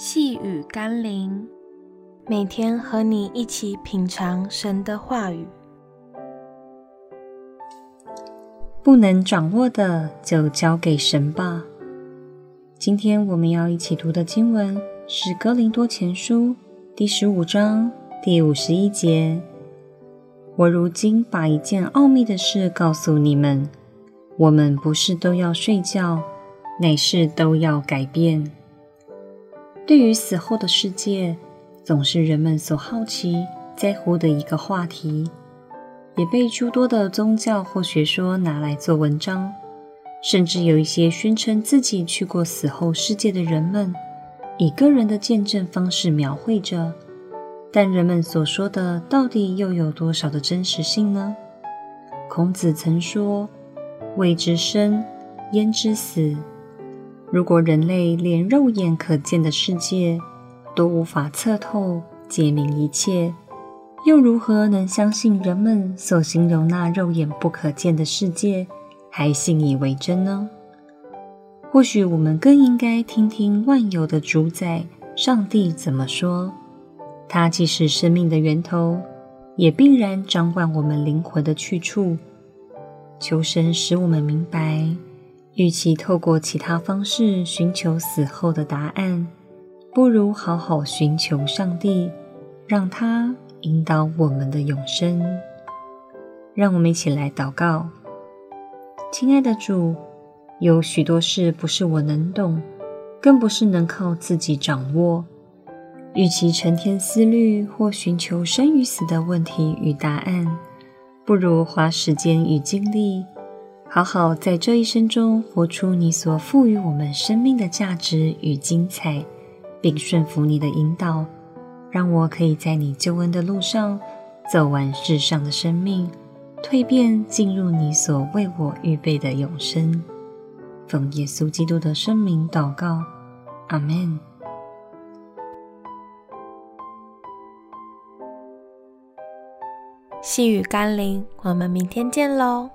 細語甘霖，每天和你一起品嘗神的話語。不能掌握的，就交給神吧。今天我們要一起讀的經文是《哥林多前書》第十五章第五十一節。我如今把一件奧秘的事告訴你們：我們不是都要睡覺，乃是都要改變。對於死後的世界，總是人們所好奇、在乎的一個話題，也被諸多的宗教或學說拿來做文章，甚至有一些宣稱自己去過死後世界的人們，以個人的見證方式描繪着。但人們所說的，到底又有多少的真實性呢？孔子曾說：“未知生，焉知死？”如果人類連肉眼可見的世界都無法測透、解明一切，又如何能相信人們所形容那肉眼不可見的世界，還信以為真呢？或許我們更應該聽聽萬有的主宰上帝怎麼說。他既是生命的源頭，也必然掌管我們靈魂的去處。求神使我們明白。與其透過其他方式尋求死後的答案，不如好好尋求上帝，讓他引導我們的永生。讓我們一起來禱告。親愛的主，有許多事不是我能懂，更不是能靠自己掌握。與其成天思慮或尋求生與死的問題與答案，不如花時間與精力，好好在這一生中活出你所賦予我們生命的價值與精彩，並順服你的引導，讓我可以在你救恩的路上走完世上的生命，蛻變進入你所為我預備的永生。奉耶穌基督的聖名禱告，阿門。細語甘霖，我們明天見嘍。